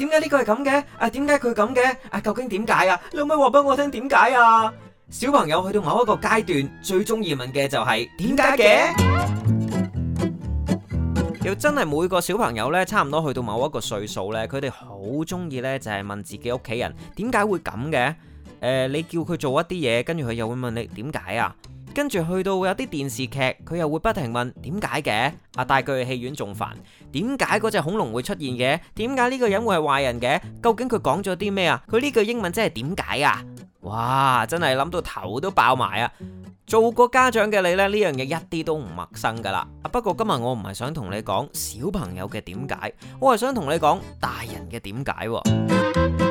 點解呢個係咁嘅？誒、啊，點解佢咁嘅？誒、啊，究竟點解啊？你可唔可以話俾我聽點解啊？小朋友去到某一個階段，最鍾意問嘅就係點解嘅。又真係每個小朋友呢，差唔多去到某一個歲數呢，佢哋好鍾意呢，就係問自己屋企人點解會咁嘅。誒、呃，你叫佢做一啲嘢，跟住佢又會問你點解啊？跟住去到有啲電視劇，佢又會不停問點解嘅，阿帶佢去戲院仲煩，點解嗰隻恐龍會出現嘅，點解呢個人會係壞人嘅，究竟佢講咗啲咩啊？佢呢句英文真係點解啊？哇！真係諗到頭都爆埋啊！做過家長嘅你呢，呢樣嘢一啲都唔陌生噶啦。不過今日我唔係想同你講小朋友嘅點解，我係想同你講大人嘅點解。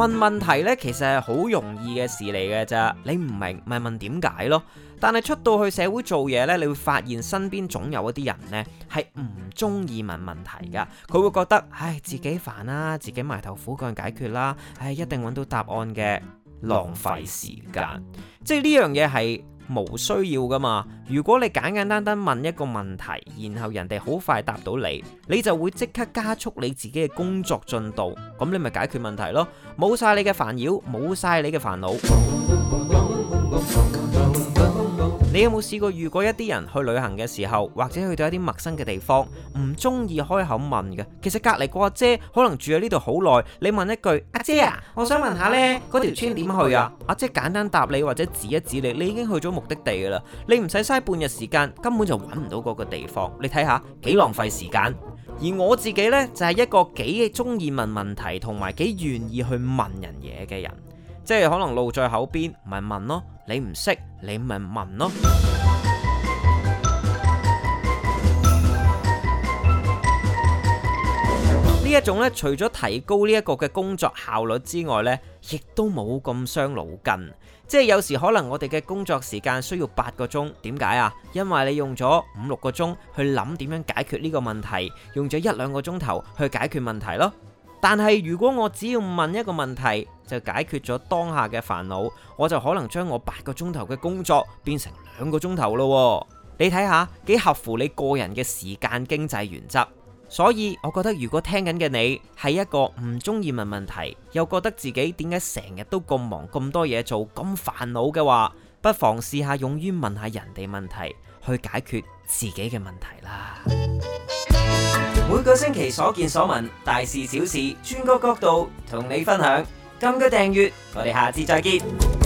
問問題咧，其實係好容易嘅事嚟嘅咋，你唔明咪問點解咯。但係出到去社會做嘢呢，你會發現身邊總有一啲人呢，係唔鍾意問問題㗎。佢會覺得唉，自己煩啦，自己埋頭苦幹解決啦，唉，一定揾到答案嘅，浪費時間。即係呢樣嘢係。冇需要㗎嘛？如果你簡簡單單問一個問題，然後人哋好快答到你，你就會即刻加速你自己嘅工作進度。咁你咪解決問題咯，冇晒你嘅煩擾，冇晒你嘅煩惱。你有冇試過遇過一啲人去旅行嘅時候，或者去到一啲陌生嘅地方，唔中意開口問嘅？其實隔籬個阿姐可能住喺呢度好耐，你問一句阿姐啊，我想問下呢嗰條村點去啊？阿姐簡單答你或者指一指你，你已經去咗目的地噶啦，你唔使嘥半日時間，根本就揾唔到嗰個地方。你睇下幾浪費時間。而我自己呢，就係一個幾中意問問題同埋幾願意去問人嘢嘅人。即係可能路在口邊，咪問咯。你唔識，你咪問咯。呢一種咧，除咗提高呢一個嘅工作效率之外咧，亦都冇咁傷腦筋。即係有時可能我哋嘅工作時間需要八個鐘，點解啊？因為你用咗五六個鐘去諗點樣解決呢個問題，用咗一兩個鐘頭去解決問題咯。但係如果我只要問一個問題就解決咗當下嘅煩惱，我就可能將我八個鐘頭嘅工作變成兩個鐘頭咯。你睇下幾合乎你個人嘅時間經濟原則。所以我覺得如果聽緊嘅你係一個唔鍾意問問題，又覺得自己點解成日都咁忙咁多嘢做咁煩惱嘅話，不妨試下勇於問下人哋問題，去解決自己嘅問題啦。每個星期所見所聞，大事小事，轉個角度同你分享。撳個訂閱，我哋下次再見。